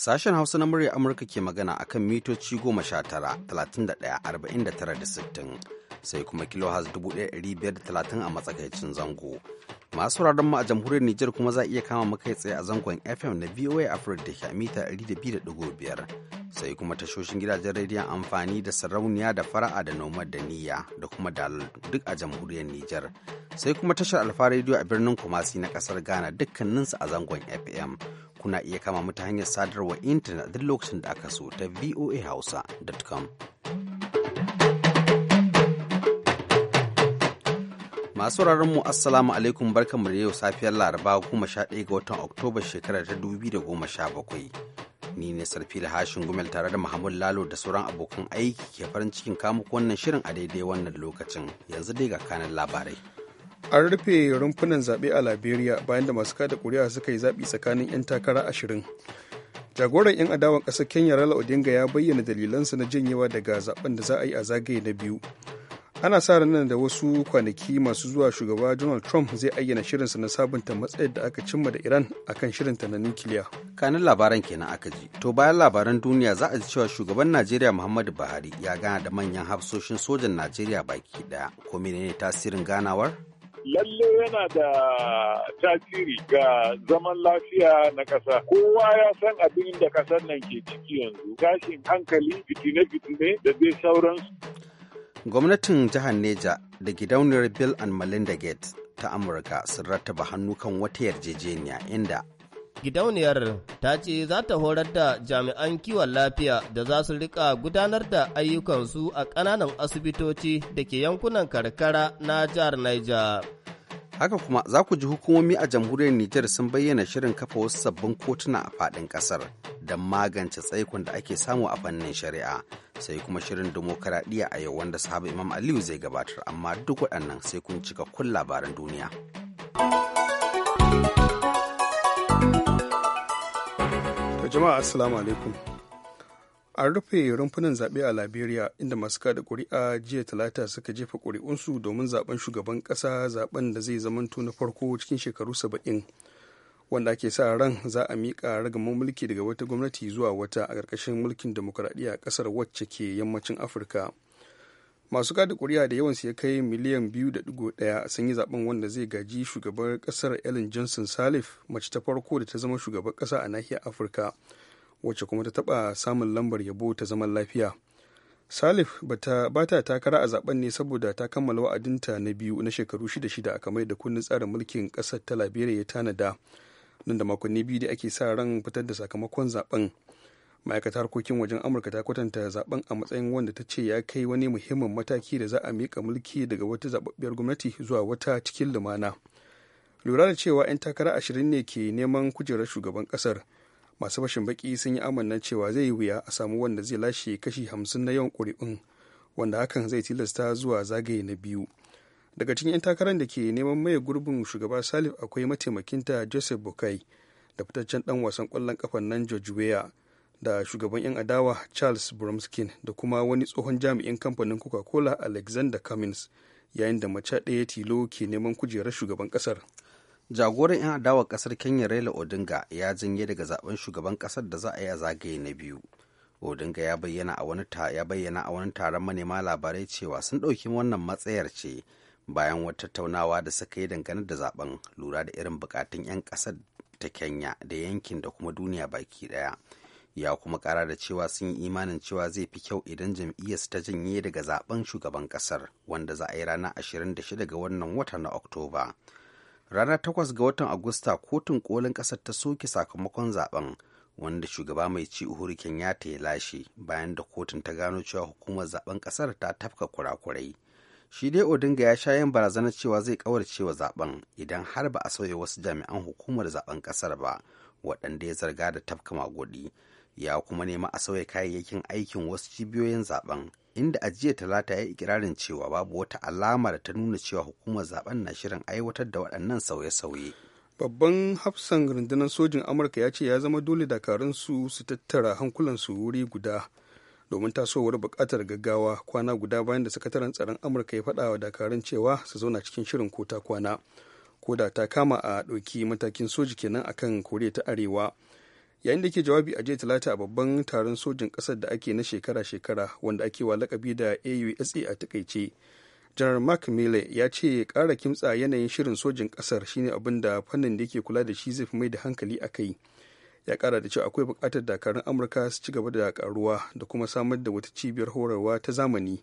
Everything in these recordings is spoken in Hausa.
Sashen Hausa na murya Amurka ke magana a kan mitoci da tara da sittin sai kuma kilohaz 1530 a matsakaicin zango. Masu wuraren mu a jamhuriyar Nijar kuma za a iya kama makai tsaye a zangon FM na VOA Africa da ke a mita 200.5 sai kuma tashoshin gidajen rediyon amfani da sarauniya da fara'a da nomad da niyya da kuma dalal duk a jamhuriyar Nijar. Sai kuma tashar Alfa rediyo a birnin Kumasi na kasar Ghana dukkaninsu a zangon FM. kuna iya kama mata ta hanyar sadarwa intanet duk lokacin da aka so ta voahausa.com. Masu mu Assalamu alaikum barkanmu da yau safiyar Laraba goma sha ɗaya ga watan Oktoba shekarar ta dubu da goma sha bakwai. Ni ne sarfi da Hashin Gumel tare da mahmud Lalo da sauran abokan aiki ke farin cikin kamuku wannan shirin a daidai wannan lokacin yanzu dai ga kanan labarai. an rufe rumfunan zaɓe a liberia bayan da masu kada kuri'a suka yi zaɓi tsakanin 'yan takara ashirin jagoran 'yan adawan ƙasar kenya rala odinga ya bayyana dalilansa na janyewa daga zaben da za a yi a zagaye na biyu ana sa ranar da wasu kwanaki masu zuwa shugaba donald trump zai ayyana shirinsa na sabunta matsayar da aka cimma da iran akan shirinta na nukiliya kanin labaran kenan aka ji to bayan labaran duniya za a ji cewa shugaban najeriya muhammadu buhari ya gana da manyan hafsoshin sojan najeriya baki daya ko menene tasirin ganawar lalle yana da tasiri ga zaman lafiya na ƙasa. Kowa ya san abin da ƙasar nan ke ciki yanzu, Gashin hankali, fitine-fitine da dai sauransu. Gwamnatin jihar Neja da gidauniyar Bill and Melinda Gates ta Amurka sun rattaba hannu kan wata yarjejeniya inda Gidauniyar ta ce za ta horar da jami'an kiwon lafiya da za su rika gudanar da ayyukansu a ƙananan asibitoci da ke yankunan karkara na jihar Niger. Haka kuma za ku ji hukumomi a jamhuriyar Nijar sun bayyana shirin kafa wasu sabbin kotuna a faɗin ƙasar don magance tsaikon da ake samu a fannin shari'a sai kuma shirin dimokuraɗiyya a yau wanda sahaba Imam Aliyu zai gabatar amma duk waɗannan sai kun cika kun labaran duniya. jama'a assalamu alaikum an rufe rumfunan zaɓe a liberia inda masu kada ƙuri'a jiya talata suka jefa ƙuri'unsu domin zaben shugaban ƙasa zaben da zai zamanto na farko cikin shekaru saba'in wanda ake sa ran za a miƙa ragaman mulki daga wata gwamnati zuwa wata a ƙarƙashin mulkin demokuraɗiyya ƙasar wacce ke yammacin afirka masu kada kuri'a da yawansu ya kai miliyan 2.1 sun yi zaben wanda zai gaji shugaban kasar ellen johnson salif mace ta farko da ta zama shugaban kasa a nahiyar afirka wacce kuma ta taba samun lambar yabo ta zaman lafiya salif ba ta takara a zaben ne saboda ta kammala wa'adinta na biyu na shekaru shida shida kamar da kundin tsarin mulkin kasar ta liberia ya tanada nan da makonni biyu da ake sa ran fitar da sakamakon zaben ma'aikatar harkokin wajen amurka ta kwatanta zaben a matsayin wanda ta ce ya kai wani muhimmin mataki da za a miƙa mulki daga wata zababbiyar gwamnati zuwa wata cikin lumana lura da cewa 'yan takara ashirin ne ke neman kujerar shugaban kasar masu fashin baki sun yi amanna cewa zai yi wuya a samu wanda zai lashe kashi hamsin na yawan ƙuri'un wanda hakan zai tilasta zuwa zagaye na biyu daga cikin 'yan takarar da ke neman maye gurbin shugaba salif akwai mataimakinta joseph bukai da fitaccen dan wasan kwallon kafan nan george weah da shugaban 'yan adawa charles bromskin da kuma wani tsohon jami'in kamfanin coca-cola alexander cummins yayin da mace ɗaya tilo ke neman kujerar shugaban kasar. jagoran 'yan adawa kasar kenya raila odinga ya janye daga zaben shugaban kasar da za a yi a zagaye na biyu odinga ya bayyana a wani ya bayyana a wani taron manema labarai cewa sun ɗauki wannan matsayar ce bayan wata tattaunawa da suka yi dangane da zaben lura da irin bukatun 'yan kasar ta kenya da yankin da kuma duniya baki ɗaya ya kuma kara da cewa sun yi imanin cewa zai fi kyau idan jam'iyyarsu ta janye daga zaben shugaban kasar wanda za a yi ranar 26 ga wannan wata na oktoba rana 8 ga watan agusta kotun kolin kasar ta soke sakamakon zaben wanda shugaba mai ci uhuru kenyatta ya lashe bayan da kotun ta gano cewa hukumar zaben kasar ta tafka kurakurai shi dai odinga ya sha yin barazana cewa zai kawarce wa zaben idan har ba a sauya wasu jami'an hukumar zaben kasar ba waɗanda ya zarga da tafka magudi ya kuma nema a sauya kayayyakin aikin wasu cibiyoyin zaben inda a talata ya ikirarin cewa babu wata alama da ta nuna cewa hukumar zaben na shirin aiwatar da waɗannan sauye-sauye babban hafsan rundunar sojin amurka ya ce ya zama dole dakarun su su tattara hankulansu wuri guda domin tasowar bukatar gaggawa kwana guda bayan da sakataren tsaron amurka ya faɗa wa dakarun cewa su zauna cikin shirin kota kwana ko da ta kama a ɗauki matakin soji kenan akan koriya ta arewa yayin da ke jawabi a jiya talata a babban taron sojin ƙasar da ake na shekara-shekara wanda ake wa lakabi da ausa a takaice janar mark miller ya ce ƙara kimtsa yanayin shirin sojin ƙasar shine abin da fannin da yake kula da shi zai fi mai da hankali a kai ya kara da cewa akwai buƙatar dakarun amurka su ci gaba da ƙaruwa da kuma samar da wata cibiyar horarwa ta zamani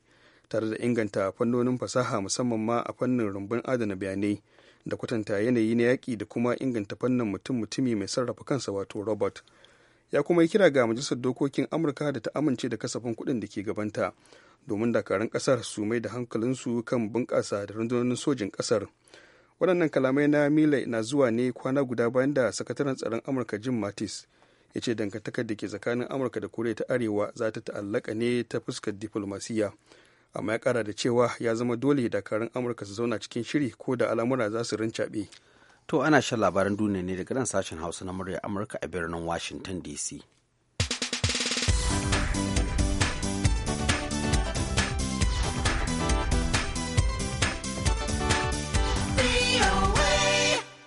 tare da inganta fannonin fasaha musamman ma a fannin rumbun adana bayanai da kwatanta yanayi na yaƙi da kuma inganta fannin mutum-mutumi mai sarrafa kansa wato robot ya kuma yi kira ga majalisar dokokin amurka da ta amince da kasafin kuɗin da ke gabanta domin dakarun ƙasar su mai da hankalinsu kan bunƙasa da rundunonin sojin ƙasar waɗannan kalamai na mila na zuwa ne kwana guda bayan da sakataren tsaron amurka jim mattis ya ce dangantakar da ke tsakanin amurka da koriya ta arewa za ta ta'allaka ne ta fuskar diflomasiyya amma ya kara da cewa ya zama dole dakarun amurka su zauna cikin shiri ko da al'amura za su rincaɓe to ana shan labaran duniya ne daga nan sashen hausa na murya amurka a birnin washington dc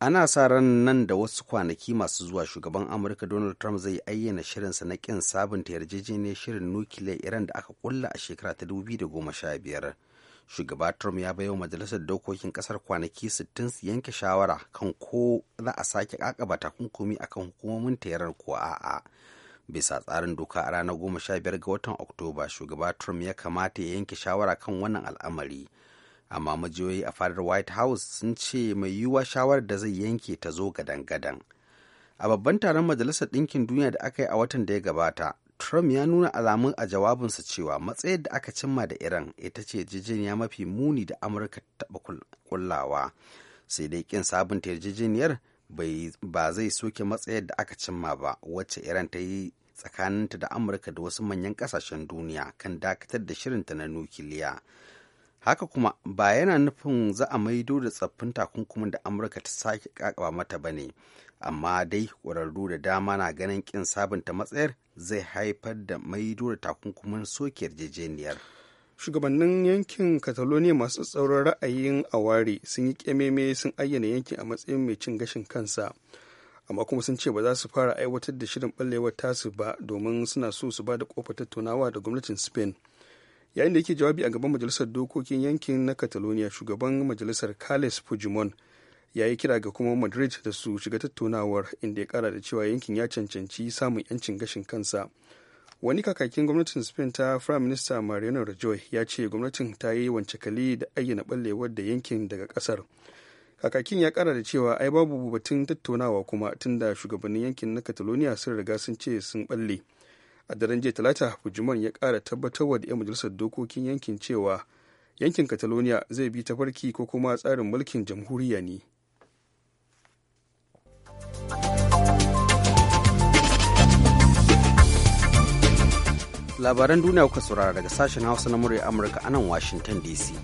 ana sa ran nan da wasu kwanaki masu zuwa shugaban amurka donald trump zai ayyana shirinsa na kin sabunta yarjejeniyar shirin nukiliya iran da aka kulla a shekara ta 2015 shugaba trump ya bayo majalisar dokokin kasar kwanaki 60 su yanke shawara kan ko za a sake kakaba takunkumi akan hukumomin tayarar ko a'a bisa tsarin doka a ranar 15 ga watan oktoba shugaba trump ya kamata ya yanke shawara kan wannan al'amari amma majiyoyi a fadar white house sun ce mai yiwuwa shawarar da zai yanke ta zo gadan-gadan a babban taron majalisar ɗinkin duniya da aka yi a watan da ya gabata trump ya nuna alamun a jawabinsa cewa matsayar da aka cimma da iran ita ce jijiniya mafi muni da amurka ta taɓa kullawa sai dai kin sabunta yarjejeniyar ba zai soke matsayar da aka cimma ba wacce iran ta yi tsakaninta da amurka da wasu manyan kasashen duniya kan dakatar da shirinta na nukiliya haka kuma ba yana nufin za a maido da tsaffin takunkumin da amurka ta sake kakaba mata ba ne amma dai ƙwararru da dama na ganin ƙin sabunta matsayar zai haifar da maido da takunkumin soke yarjejeniyar shugabannin yankin catalonia masu tsauran ra'ayin aware sun yi kememe sun ayyana yankin a matsayin mai cin gashin kansa amma kuma sun ce ba za su fara aiwatar da shirin ɓallewar tasu ba domin suna so su ba da ƙofar tattaunawa da gwamnatin spain yayin da yake jawabi a gaban majalisar dokokin yankin na catalonia shugaban majalisar carles puigdemont ya yi kira ga kuma madrid da su shiga tattaunawar inda ya kara da cewa yankin ya cancanci samun yancin gashin kansa wani kakakin gwamnatin spain ta prime minister mariano rajoy ya ce gwamnatin ta yi wance kali da ayyana ballewar da yankin daga kasar kakakin ya kara da cewa ai babu batun tattaunawa kuma tunda shugabannin yankin na catalonia sun riga sun ce sun balle a daren jiya talata bujuman ya kara tabbatarwa da 'yan majalisar dokokin yankin cewa yankin catalonia zai bi ta farki ko kuma tsarin mulkin jamhuriya ne labaran duniya kuka saurara daga sashen hausa na murya amurka anan washington dc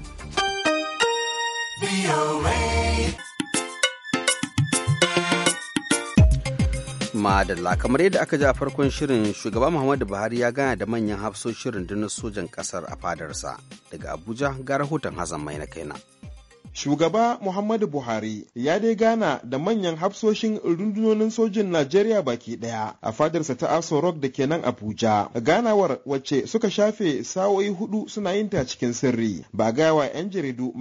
Madalla kamar yadda aka ji a farkon shirin shugaba Muhammadu Buhari ya gana da manyan hafsoshin rundunar sojan kasar a fadarsa daga Abuja ga rahoton Hassan Mai na kaina. Shugaba Muhammadu Buhari ya dai gana da manyan hafsoshin rundunonin sojin Najeriya baki daya a fadarsa ta Aso Rock da kenan Abuja. Ganawar wacce suka shafe sa'o'i hudu suna yin ta cikin sirri ba gawa 'yan jaridu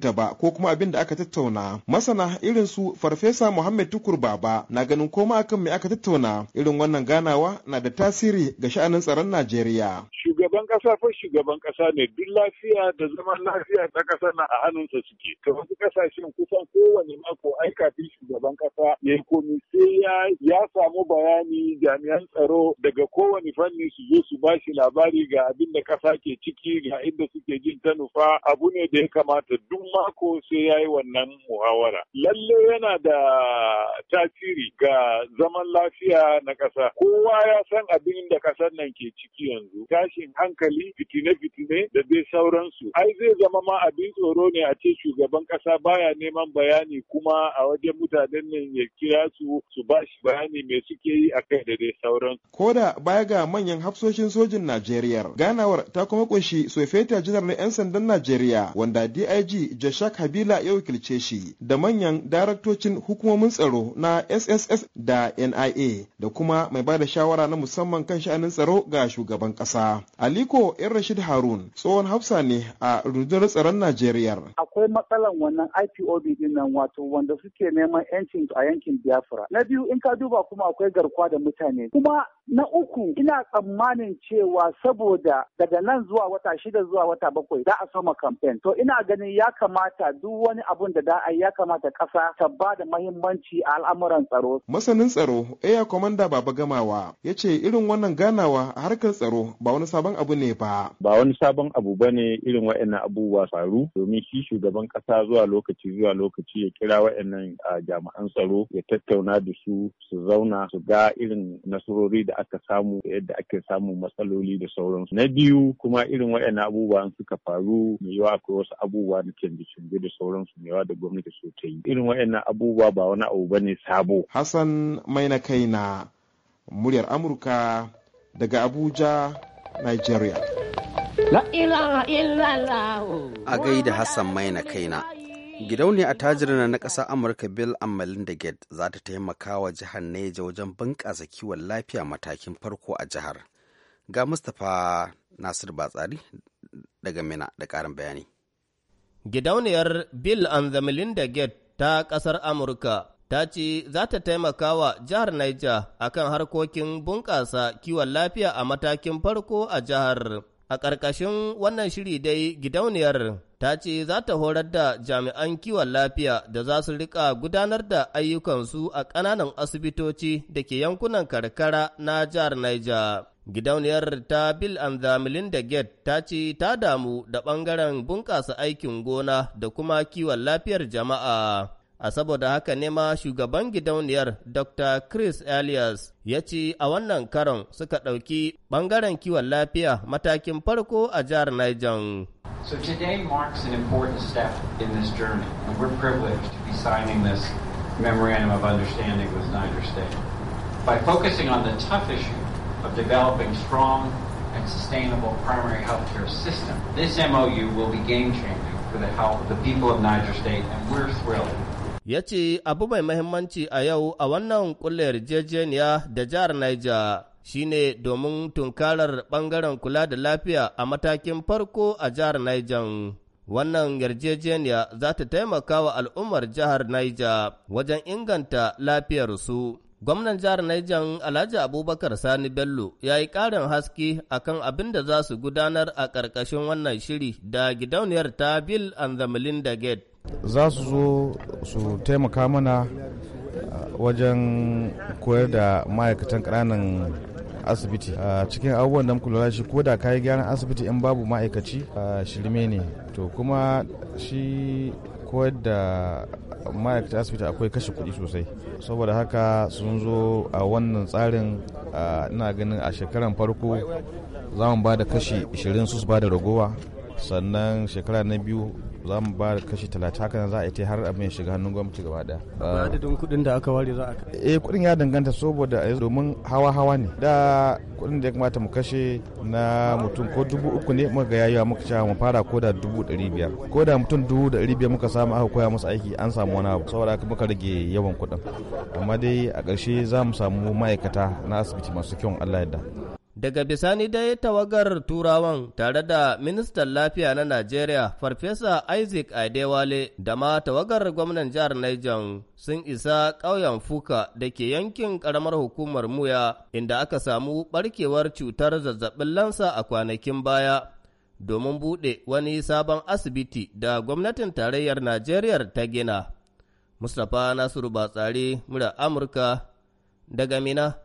ta ba ko kuma abin da aka tattauna. Masana irin su Farfesa Muhammad Tukur Baba na ganin koma akan me aka tattauna irin wannan ganawa na da tasiri ga sha'anin tsaron Najeriya. shugaban kasa fa shugaban ƙasa ne duk lafiya da zaman lafiya ta kasa na a hannunsa suke to wasu kasashen kusan kowane mako ai kafin shugaban ƙasa ya yi komi sai ya ya samu bayani jami'an tsaro daga kowane fanni su zo su bashi labari ga abin da kasa ke ciki ga inda suke jin ta nufa abu ne da ya kamata duk mako sai ya yi wannan muhawara lalle yana da tasiri ga zaman lafiya na ƙasa. kowa ya san abin da kasar nan ke ciki yanzu tashin hankali fitine-fitine da dai sauransu ai zai zama ma abin tsoro ne a ce shugaban kasa baya neman bayani kuma a wajen mutanen nan ya kira su su ba shi bayani mai suke yi akai da dai sauransu koda baya ga manyan hafsoshin sojin Najeriya ganawar ta kuma kunshi sofeta janar na 'yan sandan Najeriya wanda DIG Jashak Habila ya wakilce shi da manyan daraktocin hukumomin tsaro na SSS da NIA da kuma mai ba da shawara na musamman kan sha'anin tsaro ga shugaban ƙasa. Aliko ‘yan Rashid Harun tsohon hafsa ne a rundunar tsaron Najeriya. Akwai matsalan wannan IPOB din nan wato wanda suke neman 'yancin a yankin Biafra. Na biyu in ka duba kuma akwai garkuwa da mutane. Kuma Na uku ina tsammanin cewa saboda daga nan zuwa wata shida zuwa wata bakwai za a soma kamfen. To ina ganin ya kamata duk wani abun da da ya kamata kasa ta ba da mahimmanci a al'amuran tsaro. Masanin tsaro Air Commander Baba Gamawa ya ce irin wannan ganawa a harkar tsaro ba wani sabon abu ne ba. Ba wani sabon abu ba ne irin wa'annan abubuwa faru domin shi shugaban ƙasa zuwa lokaci zuwa lokaci ya kira wa'annan ah, jami'an tsaro ya tattauna da su su zauna su ga irin nasarori da aka samu yadda ake samu matsaloli da sauransu. Na biyu kuma irin waɗannan abubuwan suka faru mai yawa akwai wasu abubuwa da canje-canje da sauransu mai yawa da gwamnati su ta yi. Irin waɗannan abubuwa ba wani abu ba ne sabo. Hassan mai na kai na muryar Amurka daga Abuja, Nigeria. A gaida Hassan mai na kaina. gidauniya a tajirin na ƙasa amurka bill and melinda gates za ta taimaka wa jihar neja wajen bunƙasa kiwon lafiya matakin farko a jihar ga mustapha nasir batsari daga mina da ƙarin bayani gidauniyar bill and melinda gates ta ƙasar amurka ta ce za ta taimaka wa jihar Niger akan harkokin bunƙasa kiwon lafiya a matakin farko a jihar. A ƙarƙashin wannan shiri dai gidauniyar ta ce za ta horar da jami'an kiwon lafiya da za su riƙa gudanar da ayyukansu a ƙananan asibitoci da ke yankunan karkara na jihar Niger. Gidauniyar ta Bill and the Melinda Gates ta ce ta damu da ɓangaren bunƙasa aikin gona da kuma kiwon lafiyar jama'a. a saboda haka shugaban gidauniyar dr chris elias ya ce a wannan karon suka ɗauki ɓangaren kiwon lafiya matakin farko a jihar niger So today marks an important step in this journey, and we're privileged to be signing this memorandum of understanding with Niger State. By focusing on the tough issue of developing strong and sustainable primary health care system, this MOU will be game-changing for the health of the people of Niger State, and we're thrilled ya ce abu mai mahimmanci a yau a wannan kulle yarjejeniya da jihar Niger shine domin tunkarar bangaren kula da lafiya a matakin farko a jihar Niger. Wannan yarjejeniya za ta taimaka wa al'ummar jihar Niger wajen inganta lafiyar su. Gwamnan jihar Niger Alhaji Abubakar Sani Bello ya yi ƙarin haske akan abin da za su gudanar a ƙarƙashin wannan shiri da gidauniyar ta Bill and the Melinda Gate za su zo su taimaka mana uh, wajen koyar da ma'aikatan ƙananan asibiti a uh, cikin abubuwan da lura shi ko da kayi gyaran asibiti in babu ma'aikaci uh, shirme ne to kuma shi koyar da ma'aikatan asibiti akwai kashe kuɗi sosai saboda haka sun zo a wannan tsarin ina ganin a shekaran farko za mu ba da kashi 20 su ba da ragowa sannan shekara na biyu za mu ba da kashi talata haka za a yi har abin ya shiga hannun gwamnati gaba daya. Ba adadin kudin da aka ware za a kai. Eh kuɗin ya danganta saboda yi. domin hawa-hawa ne. Da kuɗin da ya kamata mu kashe na mutum ko dubu uku ne muka ga yayiwa muka cewa mu fara ko da dubu ɗari biyar. Ko da mutum dubu ɗari biyar muka samu aka koya musu aiki an samu wani abu saboda haka muka rage yawan kuɗin. Amma dai a ƙarshe za mu samu ma'aikata na asibiti masu kyau Allah ya yarda. Daga bisani dai tawagar Turawan tare da ministan lafiya na Najeriya Farfesa Isaac Adewale da ma tawagar gwamnan jihar Niger sun isa ƙauyen Fuka da ke yankin ƙaramar hukumar Muya inda aka samu ɓarkewar cutar zazzabin lansa a kwanakin baya domin buɗe wani sabon asibiti da gwamnatin tarayyar Najeriya ta gina. Mustapha Nasiru Batsari, mura Amurka daga Mina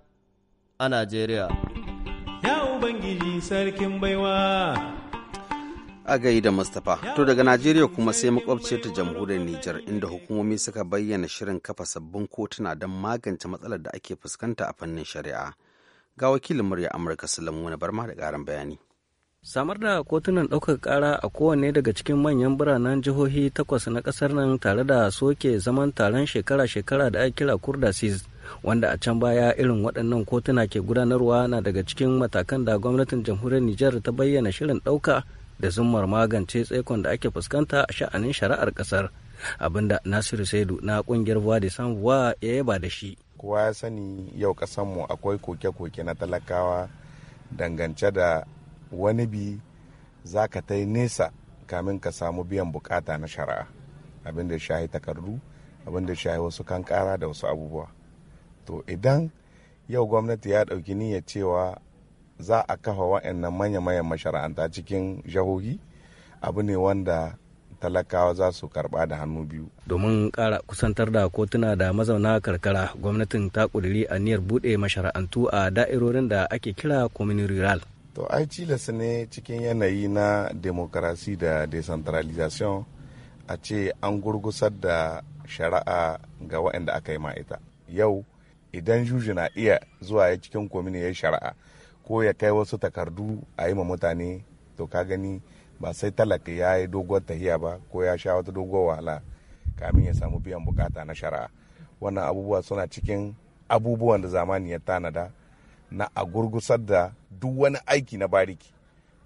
a Najeriya. Ubangiji sarkin baiwa. a gaida Mustapha. To daga Najeriya kuma sai makwabciyar ta jamhuriyar Nijar inda hukumomi suka bayyana shirin kafa sabbin kotuna don magance matsalar da ake fuskanta a fannin shari'a. Ga wakilin murya Amurka Sulaimu na Barma da ƙarin bayani. samar da kotunan ɗaukar kara a kowanne daga cikin manyan biranen jihohi takwas na ƙasar nan tare da soke zaman taron shekara-shekara da ake kira kurdasis wanda a can baya irin waɗannan kotuna ke gudanarwa na daga cikin matakan da gwamnatin jamhuriyar Nijar ta bayyana shirin ɗauka da zummar magance tsaikon da ake fuskanta a sha'anin shari'ar ƙasar abinda Nasiru Saidu na ƙungiyar Voix de Sanwa ya yaba da shi. Kowa ya sani yau mu akwai koke-koke na talakawa dangance da wani bi za ka ta nesa kamin ka samu biyan bukata na shari'a abin shahi takardu abin da shahi wasu kankara da wasu abubuwa to idan yau gwamnati ya ɗauki niyyar cewa za a kafa wa'annan manya-manyan mashara'anta cikin jahohi abu ne wanda talakawa za su karba da hannu biyu. Domin ƙara kusantar da kotuna da mazauna karkara, gwamnatin ta ƙudiri aniyar buɗe mashara'antu a da'irorin da ake kira community rural. To ai cilasa ne cikin yanayi na demokarasi da decentralization a ce an gurgusar da shari'a ga waɗanda aka yi maita Yau idan juji na iya zuwa ya cikin kwamini ya shari'a ko ya kai wasu takardu a yi ma mutane to ka gani ba sai talaka ya yi doguwar tahiya ba ko ya sha wata doguwar wahala kamin ya samu biyan bukata na shari'a wannan abubuwa suna cikin abubuwan da zamani ya tanada na a gurgusar da duk wani aiki na bariki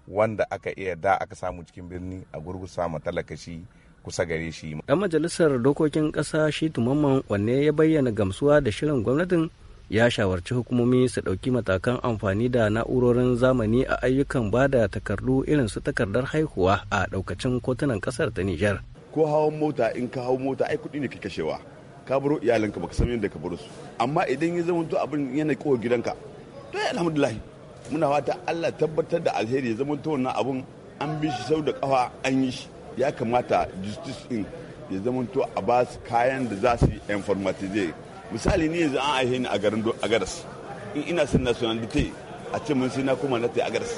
wanda aka iya da aka samu cikin birni a gurgusa ma talaka shi kusa gare shi. dan majalisar dokokin kasa shi tumamman wanne ya bayyana gamsuwa da shirin gwamnatin ya shawarci hukumomi su ɗauki matakan amfani da na'urorin zamani a ayyukan bada takardu irin su takardar haihuwa a daukacin kotunan ƙasar ta Nijar. Ko hawan mota in ka hau mota ai kuɗi ne ka kashewa. Ka baro iyalinka baka san yadda ka baro su. Amma idan ya zama to abin yana kowa gidanka. To alhamdulillah muna fata Allah tabbatar da alheri ya zama to wannan abun an bi shi sau da kafa an yi shi. ya kamata justice in ya zamanto a ba su kayan da za su informatize misali ni yanzu an aihe ni a garin agaras in ina son nationality a ce mun kuma na tai agaras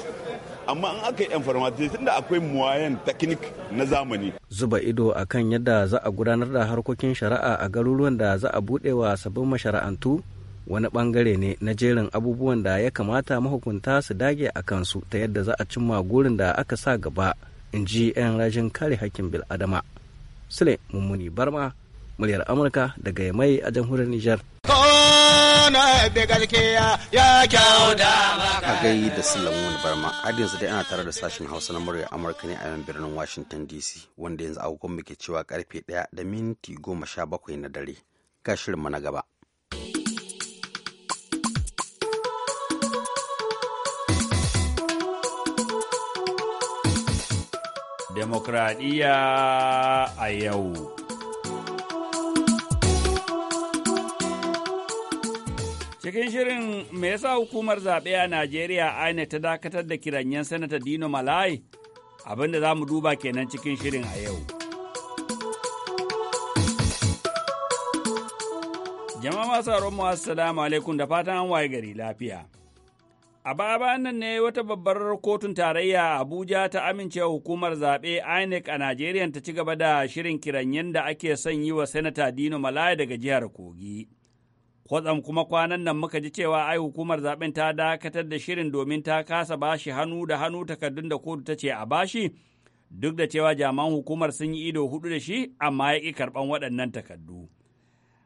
amma an aka yi informatize tunda akwai muwayan teknik na zamani zuba ido akan yadda za a gudanar da harkokin shari'a a garuruwan da za a buɗe wa sabbin mashara'antu wani bangare ne na jerin abubuwan da ya kamata mahukunta su dage a kansu ta yadda za a cimma gurin da aka sa gaba in ji 'yan rajin kare hakkin bil'adama sule mummuni barma muryar amurka daga mai a jamhuriyar nijar a gai da silamun barma har yanzu dai ana tare da sashen hausa na murya amurka ne a 'yan birnin washington dc wanda yanzu agogon muke cewa karfe 1 da minti goma sha bakwai na dare ga shirinmu na gaba Demokradiyya a yau. Cikin shirin me yasa hukumar zaɓe a Najeriya aina ta dakatar da kiranyen Sanata Dino Malai abinda za mu duba kenan cikin shirin a yau. Jama'a masu mu assalamu alaikum da fatan an waye gari lafiya. A baya nan ne wata babbar kotun tarayya Abuja ta amincewa hukumar zaɓe INEC a Najeriya ta ci gaba da shirin kiran yadda ake son yi wa Sanata Dino Malaya daga jihar Kogi. Kwatsam kuma kwanan nan muka ji cewa ai hukumar zaɓen ta dakatar da shirin domin ta kasa bashi hannu da hannu takardun da kotu ta ce a bashi duk da cewa jaman hukumar sun yi ido hudu da shi amma ya ƙi karɓan waɗannan takardu.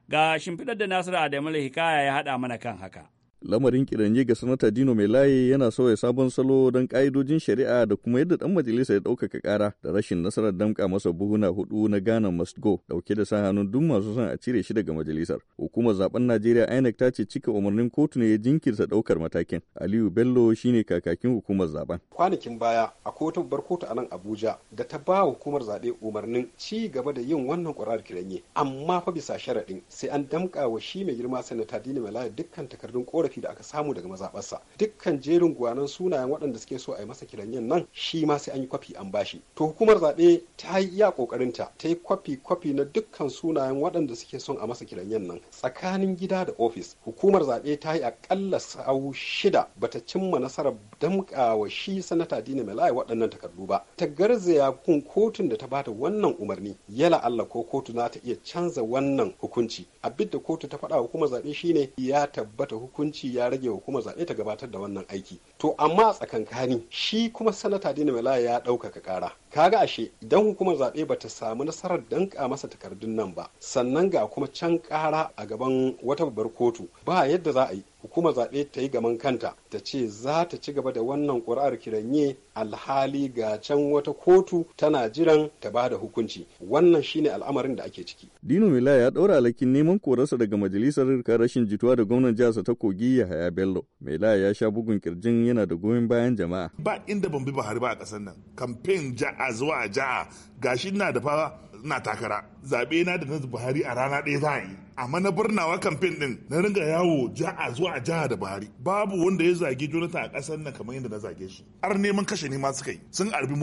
Ga shimfiɗar da Nasiru Adamu Hikaya ya haɗa mana kan haka. lamarin kiranye ga sanata dino mai layi yana sauya sabon salo don ka'idojin shari'a da kuma yadda dan majalisa ya ɗaukaka ƙara da rashin nasarar damƙa masa buhuna hudu na ghana must go ɗauke da sa hannun duk masu son a cire shi daga majalisar hukumar zaben najeriya inec ta ce cika umarnin kotu ne ya jinkirta ɗaukar matakin aliyu bello shine kakakin hukumar zaben kwanakin baya a kotun bar kotu a nan abuja da ta ba hukumar zaɓe umarnin ci gaba da yin wannan ƙwarar kiranye amma fa bisa sharaɗin sai an damƙa wa shi mai girma sanata dino mai laye dukkan takardun ƙorafi tallafi da aka samu daga mazaɓarsa dukkan jerin gwanan sunayen waɗanda suke so a yi masa kiranyen nan shi ma sai an yi kwafi an bashi to hukumar zaɓe ta yi iya ƙoƙarinta ta yi kwafi kwafi na dukkan sunayen waɗanda suke son a masa kiranyen nan tsakanin gida da ofis hukumar zaɓe ta yi aƙalla sau shida bata cimma nasarar damƙawa shi sanata dina melai waɗannan takardu ba ta garzaya kun kotun da ta bata wannan umarni yala allah ko kotu na ta iya canza wannan hukunci abin kotu ta faɗa hukumar zaɓe shine ya tabbata hukunci hukunci ya rage hukumar zaɓe ta gabatar da wannan aiki to amma a tsakankani shi kuma sanata dina malaya ya ɗaukaka ƙara kaga ashe idan hukumar zaɓe bata samu nasarar danka masa takardun nan ba sannan ga kuma can ƙara a gaban wata babbar kotu ba yadda za a yi hukumar zaɓe ta yi gaman kanta ta ce za ta ci gaba da wannan ƙuri'ar kiranye alhali ga can wata kotu tana jiran ta ba da hukunci wannan shine al'amarin da ake ciki. Dino Mila ya ɗaura alakin neman korarsa daga majalisar ka rashin jituwa da gwamnan jihar ta kogi ya haya Bello. Mila ya sha bugun kirjin yana da goyon bayan jama'a. Ba inda ban bi Buhari ba a ƙasar nan. Kamfen ja'a zuwa ja'a gashi na da fara na takara. Zaɓe na da na Buhari a rana ɗaya za a yi. amma na birnawa kamfen din na ringa yawo ja a zuwa a jiha da buhari babu wanda ya zage jonathan a kasar nan kamar yadda na zage shi har neman kashe ne ma suka yi sun arbi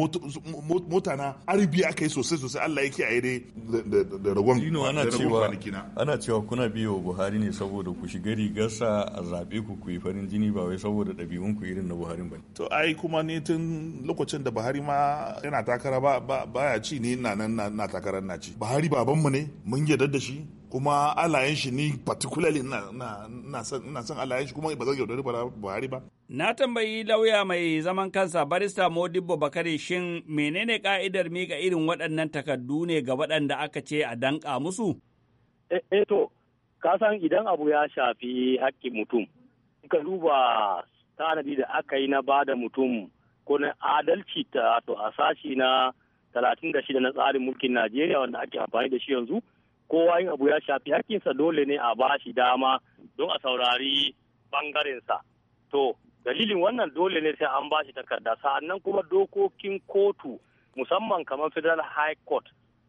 mota na arbi aka yi sosai sosai allah ya kiyaye dai da ragon ana cewa kuna biyo buhari ne saboda ku shiga rigarsa a zabe ku ku yi farin jini ba wai saboda ɗabi'un ku irin na buhari ba to ai kuma ne tun lokacin da buhari ma yana takara ba ya ci ne na nan na takarar na ci buhari babanmu ne mun yarda da shi kuma alayen shi ni particularly na san alayen shi kuma ba zan yaudari Buhari ba. Na tambayi lauya mai zaman kansa barista Modibbo Bakari shin menene ka'idar mika irin waɗannan takardu ne ga waɗanda aka ce a danka musu? Eh, eh to, ka san idan abu ya shafi haƙƙin mutum, ka duba tanadi da aka yi na ba da mutum ko na adalci ta to a sashi na 36 na tsarin mulkin Najeriya wanda ake amfani da shi yanzu. kowa yin abu ya shafi hakkinsa dole ne a ba shi dama don a saurari bangarensa to dalilin wannan dole ne sai an ba shi takarda sa'annan kuma dokokin kotu musamman kamar federal high court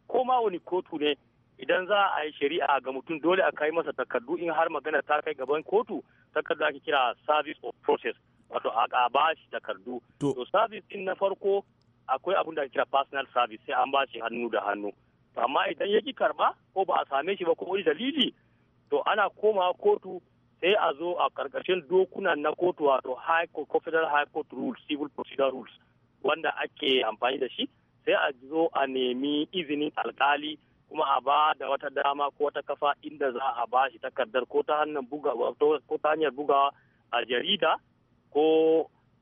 ko ma wani kotu ne idan za a yi shari'a ga mutum dole a kai masa takardu in har magana ta kai gaban kotu takarda ake kira service of process wato a ba shi takardu to service din na farko akwai abin da kira personal service sai an ba shi hannu da hannu amma idan ya ki karba ko ba a same shi ba ko wani dalili to ana koma kotu sai a zo a karkashin dokunan na kotu wato high court federal high court rules civil procedure rules wanda ake amfani da shi sai a zo a nemi izinin alkali kuma a ba da wata dama ko wata kafa inda za a ba shi takardar ko ta hanyar bugawa a jarida ko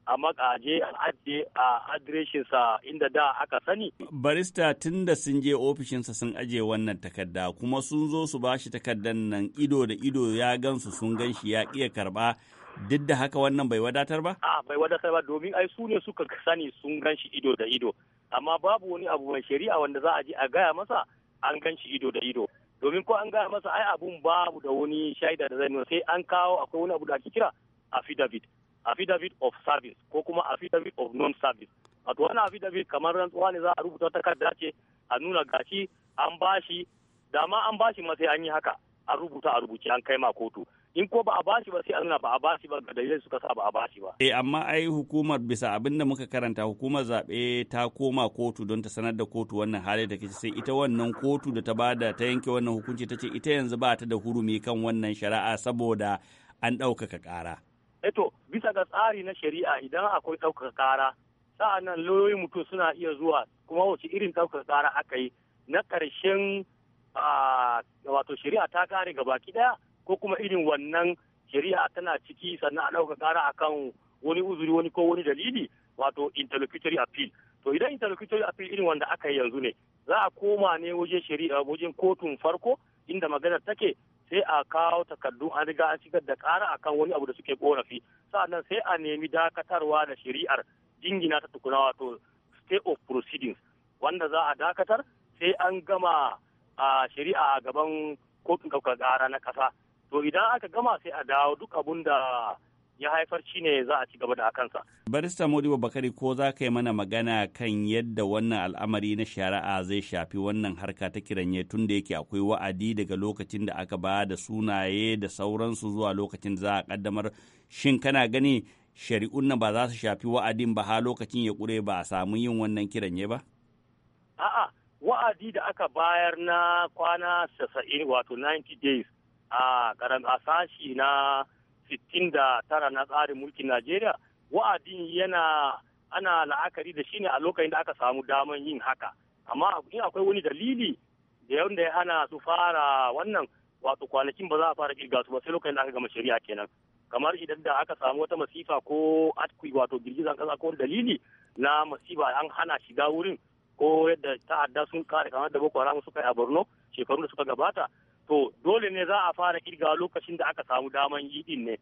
a makaje a ajiye a adireshinsa inda da aka sani. Barista tun da sun je ofishinsa sun aje wannan takarda kuma sun zo su bashi takardar nan ido da ido ya gansu sun gan shi ya iya karba duk da haka wannan bai wadatar ba? A bai wadatar ba domin ai su ne suka sani sun gan shi ido da ido amma babu wani abu mai shari'a wanda za a je a gaya masa an gan shi ido da ido. domin ko an gaya masa ai abun babu da wani shaida da zai nuna sai an kawo akwai wani abu da ake kira affidavit affidavit of service ko kuma affidavit of non-service wato wani affidavit kamar rantsuwa ne za a rubuta takarda ce a nuna gashi an bashi dama an bashi ma sai an yi haka a rubuta a rubuce an kai ma kotu in ko ba a bashi ba sai a nuna ba a bashi ba ga dalilai suka sa ba a bashi ba eh amma ai hukumar bisa abin da muka karanta hukumar zaɓe ta koma kotu don ta sanar da kotu wannan hali da kace sai ita wannan kotu da ta bada ta yanke wannan hukunci ta ce ita yanzu ba ta da hurumi kan wannan shari'a saboda an ɗaukaka ƙara eto eh bisa ga tsari na shari'a idan akwai ɗaukar ƙara nan lauyoyin mutum suna iya zuwa kuma wace irin ɗaukar ƙara aka yi na ƙarshen wato shari'a ta kare gabaki ɗaya ko kuma irin wannan shari'a tana ciki sannan a ɗaukar ƙara akan wani uzuri wani ko wani dalili wato interlocutory appeal to idan interlocutory appeal irin wanda aka yi yanzu ne za a koma ne wajen shari'a wajen kotun farko inda maganar take sai a kawo takardu an riga an shigar da ƙara akan wani abu da suke korafi sa'annan sai a nemi dakatarwa da shari'ar jingina ta tukuna wato stay of proceedings wanda za a dakatar sai an gama a shari'a a gaban kotun ɗaukar ƙara na ƙasa to idan aka gama sai a dawo duk abun da ya haifar shi ne za a ci gaba da akansa. Barista Modibo Bakari ko za ka yi mana magana kan yadda wannan al'amari na shari'a zai shafi wannan harka ta kiranye tun da yake akwai wa'adi daga lokacin da aka ba da sunaye da sauransu zuwa lokacin za a kaddamar shin kana gani shari'un nan ba za su shafi wa'adin ba ha lokacin ya kure ba a samu yin wannan kiranye ba? A'a wa'adi da aka bayar na kwana 90 wato 90 days a sashi na Sittin da tara na tsarin mulkin Najeriya wa'adin yana ana la'akari da shi ne a lokacin da aka samu daman yin haka amma in akwai wani dalili da yadda ya hana su fara wannan wato kwanakin ba za a fara girga su ba sai lokacin da aka gama shari'a kenan kamar idan da aka samu wata masifa ko atkwi wato girgizan kasa ko dalili na masifa an hana shiga wurin ko yadda ta'adda sun kare kamar da boko haram suka yi a borno shekarun da suka gabata to dole ne za a fara kirga lokacin da aka samu daman yi din ne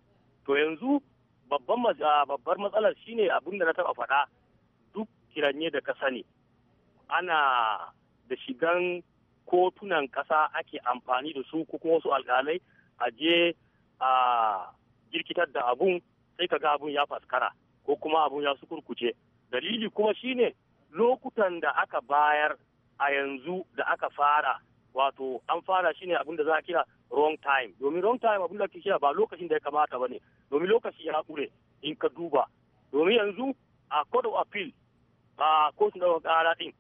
to yanzu babban babbar matsalar shine abin da na taba faɗa duk kiranye da ka ne ana da shigan kotunan ƙasa ake amfani da su ko kuma wasu alƙalai a je a girkitar da abun sai ka ga abun ya faskara ko kuma abun ya su kurkuce dalili kuma shine lokutan da aka bayar a yanzu da aka fara wato an fara shi ne abin da za a kira wrong time domin wrong time abin da ake kira ba lokacin da ya kamata ba ne domin lokaci ya ƙure in ka duba domin yanzu a code of appeal a kotun ɗaukar ƙara ɗin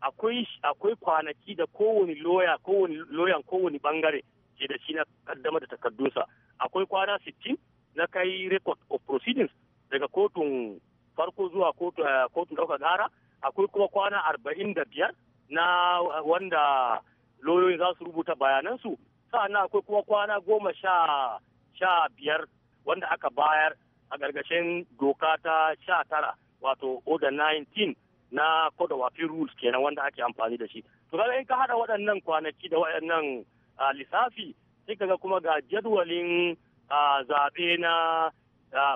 akwai akwai kwanaki da kowane loya kowane loyan kowane bangare ke da shi na kaddama da takardunsa akwai kwana 60 na kai record of proceedings daga kotun farko zuwa eh, kotun ɗaukar ƙara akwai kuma kwana 45 na wanda lauyoyin za su rubuta bayanansu sa'annan akwai kuma kwana goma sha sha biyar wanda aka bayar a gargashin doka ta sha tara wato order 19 na code of appeal rules kenan wanda ake amfani da shi to kaga in ka hada waɗannan kwanaki da waɗannan lissafi sai kaga kuma ga jadwalin zaɓe na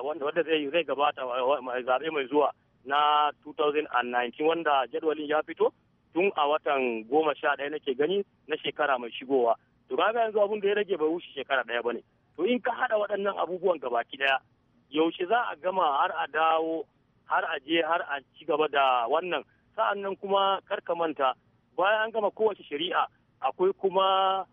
wanda zai zai gabata zaɓe mai zuwa na 2019 wanda jadwalin ya fito tun a watan goma sha ɗaya nake gani na shekara mai shigowa to kaga yanzu abun da ya rage bai wuce shekara ɗaya bane to in ka hada waɗannan abubuwan gabaki ɗaya yaushe za a gama har a dawo har a je har a ci gaba da wannan sa'an nan kuma karka manta bayan an gama kowace shari'a akwai kuma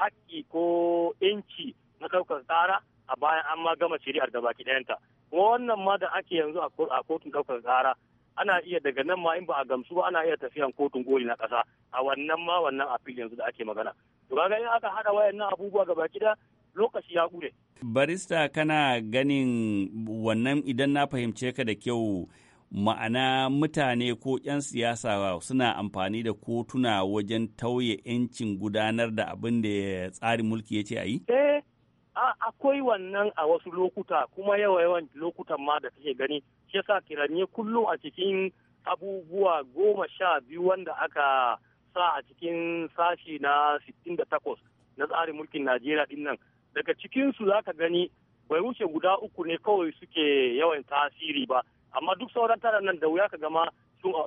haƙƙi ko 'yanci na ɗaukar tsara a bayan an ma gama shari'ar gabaki ɗayanta kuma wannan ma da ake yanzu a kotun ɗaukar tsara ana iya daga nan ma in ba a gamsu ba ana iya tafiyan kotun koli na kasa a wannan ma wannan afil yanzu da ake magana to kaga in aka hada wayannan abubuwa gaba kida lokaci ya ƙure barista kana ganin wannan idan na fahimce ka da kyau ma'ana mutane ko 'yan siyasa suna amfani da kotuna wajen tauye 'yancin gudanar da abin da tsarin mulki ya ce a yi? Eh, akwai wannan a wasu lokuta kuma yawa yawan lokutan ma da kake gani shi sa kiranye kullum a cikin abubuwa goma sha biyu wanda aka sa a cikin sashi na 68 na tsarin mulkin najeriya din nan daga cikinsu za ka gani bai wuce guda uku ne kawai suke yawan tasiri ba amma duk sauran tara nan da wuya ka gama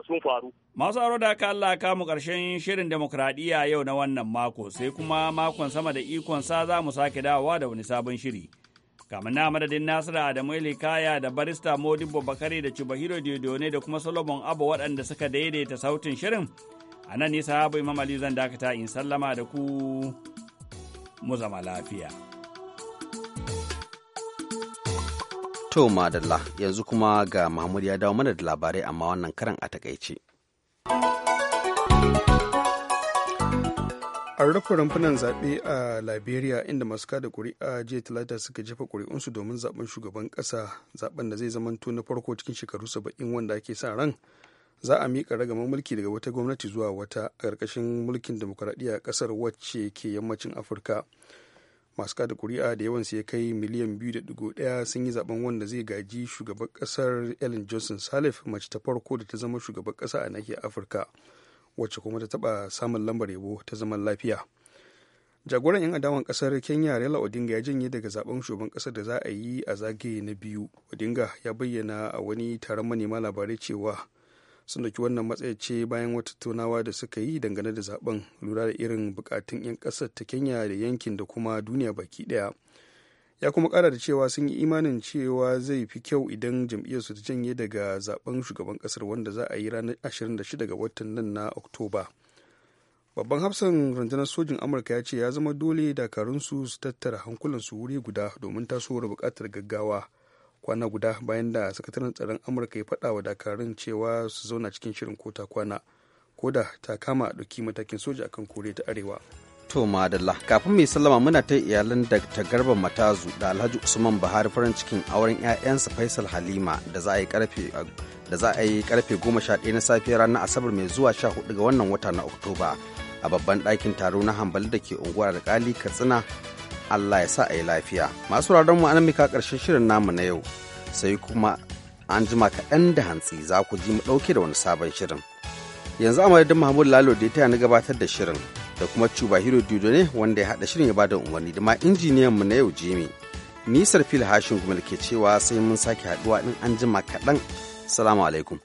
sun faru. Masu aro da aka Allah kamu ƙarshen shirin demokradiyya yau na wannan mako sai kuma makon sama da ikon sa za mu sake dawowa da wani sabon shiri. Kamar na madadin Nasiru Adamu Kaya da barista Modibo Bakare da Cibahiro Diodone da kuma Solomon Abba waɗanda suka daidaita sautin shirin. A nan nisa Habu Imam zan dakata in sallama da ku mu zama lafiya. To madalla yanzu kuma ga Mahmud ya dawo mana da labarai amma wannan karan a takaice. An rufe rumfunan zaɓe a Liberia inda masu kada ƙuri'a jiya talata suka jefa ƙuri'unsu domin zaɓen shugaban ƙasa zaɓen da zai zamanto na farko cikin shekaru saba'in wanda ake sa ran za a miƙa ragaman mulki daga wata gwamnati zuwa wata a ƙarƙashin mulkin demokuraɗiyya ƙasar wacce ke yammacin Afirka. masu kada kuri'a da yawan sai kai miliyan 2.1 sun yi zaben wanda zai gaji shugaban kasar ellen johnson salif mace ta farko da ta zama shugaban kasa a nahiyar afirka wacce kuma ta taba samun lambar yabo ta zaman lafiya jagoran 'yan adawan kasar kenya raila odinga ya janye daga zaben shugaban kasar da za a yi a zagaye na biyu odinga ya bayyana a wani taron manema labarai cewa sun dauki wannan matsayi ce bayan wata tunawa da suka yi dangane da zaben lura da irin bukatun 'yan kasar ta kenya da yankin da kuma duniya baki daya ya kuma kara da cewa sun yi imanin cewa zai fi kyau idan jam'iyyarsu ta janye daga zaben shugaban kasar wanda za a yi ranar 26 ga watan nan na oktoba babban hafsan rundunar sojin amurka ya ce ya zama dole dakarunsu su tattara hankulansu wuri guda domin tasowar bukatar gaggawa kwana guda bayan da sakataren tsaron amurka ya faɗa wa dakarun cewa su zauna cikin shirin kota kwana ko da ta kama a ɗauki matakin soja akan kore ta arewa to madalla kafin mai sallama muna ta iyalan da ta garba matazu da alhaji usman bahari farin cikin auren 'ya'yansa faisal halima da za a yi karfe da za a yi karfe 11 na safiyar ranar asabar mai zuwa 14 ga wannan wata na oktoba a babban ɗakin taro na hambali da ke unguwar alkali katsina Allah ya sa a yi lafiya. Masu mu an mika karshen shirin namu na yau, sai kuma an jima kaɗan da hantsi za ku ji mu ɗauke da wani sabon shirin. Yanzu a madadin Mahmud Lalo da ya taya na gabatar da shirin da kuma Cuba Hiro Dido ne wanda ya haɗa shirin ya bada umarni da ma injiniyan mu na yau Jimi. Nisar fil hashin kuma ke cewa sai mun sake haɗuwa in an jima kaɗan. Salamu alaikum.